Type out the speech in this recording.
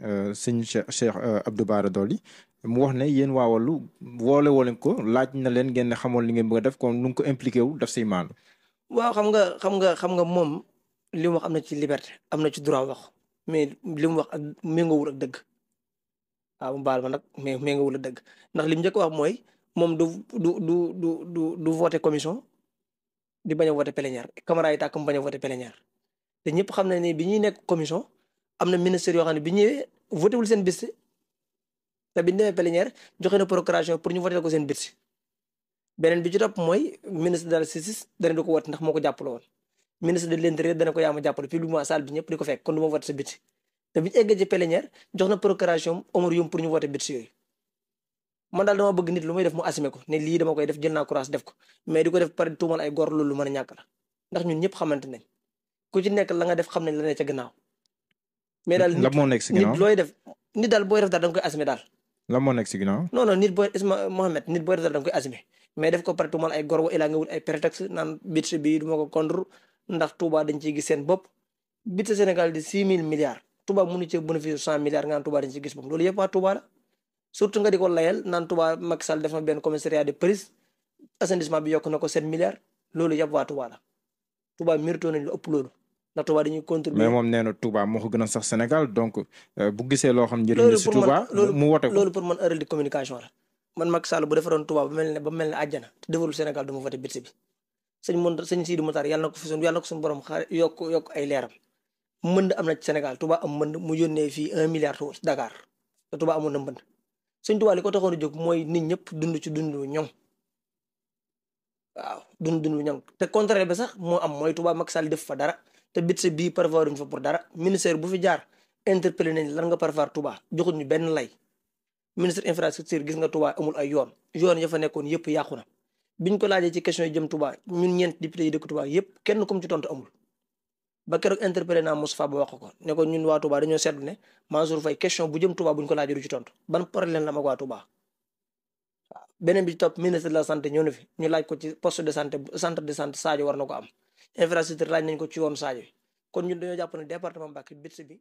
Euh, sëñ Cheikh Cheikh Abdou Bara Dolly mu wax ne yéen waa Wallu woole woo ko laaj na leen ngeen xamoon li ngeen bëgg a def kon nu ngi ko impliqué wu daf si maandu. waaw xam nga xam nga xam nga moom li mu wax am na ci liberté am na ci droit wax mais li mu wax ak wul ak dëgg waaw mu ma nag mais méngoowul ak dëgg ndax li mu njëkk wax mooy moom du du du du du du voté commission di bañ a voté plénière yi tàkk mu bañ a voté te ñëpp xam na ne bi ñuy nekk commission. am na ministre yoo xam ne bi ñëwee seen bés te bi ñu demee plénière joxe na procuration pour ñu voté ko seen bés beneen bi ci topp mooy ministre de la justice dana di ko wat ndax moo ko jàppale woon ministre de l'intérieur dana ko jàppale publiquement salle bi ñëpp di ko fekk kon du ma voté sa bés te bi ñu yooyu man lu may def mu assumé ko lii dama def jël naa courage def ko mais di ko def pare a ñàkk la ndax ñun ñëpp xamante nañ ku ci nekk la nga def xam nañ la ne ca mais daal lan moo nekk si ginnaaw nit looy def nit daal booy def daal da koy non non nit Isma Muhammad nit booy dalam daal da nga koy assumer mais def ko pare tuumal ay gorwo wa ilaa ay prétexte nan budget bi du ko contre ndax Touba dañ ciy gis di six miliar. milliards Touba mënu cee bénéfice ngan milliards nga naan Touba dañ ciy gis bopp loolu yëpp waa Touba la. surtout nga di ko layal naan Touba Macky Sall def na benn commissariat de police assainissement bi yokk na ko milliards loolu yëpp waa Touba la Touba mérito nañ lu ndax Touba dañuy contribuer mais mom néna na Touba moo ko gën sax Sénégal donc euh, bu gissé lo xam njëriñ ci si Touba mu woté ko loolu pour man erreur de communication la man mak Sall bu défaron Touba ba melni ba melni aljana àjjana te defarul Sénégal du ma voté bitse bi sëñ mon sëñ Sidi Moutar nako na yalla nako sun borom xaar yok yokk ay léram mënd amna ci Sénégal Touba am mënd mu yónnee fi 1 milliard ci Dakar te Touba amoon na mënd sëñ Touba li ko taxoon a jóg nit ñëpp dund ci dund ñom waaw dund dund ñoom te contraire ba sax mo am moy Touba mak Sall def fa dara te budget bii prévoir ñu fa pour dara ministère bu fi jaar interpellé nañ lan nga prévoir Touba joxut ñu benn lay ministre infrastructure gis nga Touba amul ay yoon yoon ya fa nekkoon yëpp yàqu na biñ ko laajee ci question yi jëm Touba ñun ñeent député yi dëkk Touba yëpp kenn kum ci tontu amul ba keroog interpellé naa Moustapha ba wax ko ne ko ñun waa Touba dañoo seetlu ne Mansour Faye question bu jëm Touba buñ ko laajee du ci tontu ban problème la mag waa Touba beneen bi ci topp ministre de la santé ñëw na fi ñu laaj ko ci poste de santé centre de santé Sadio war na ko am infrastructure laaj nañ ko ci yoonu Sadio kon ñun dañoo jàpp ne département Mbacké bits bi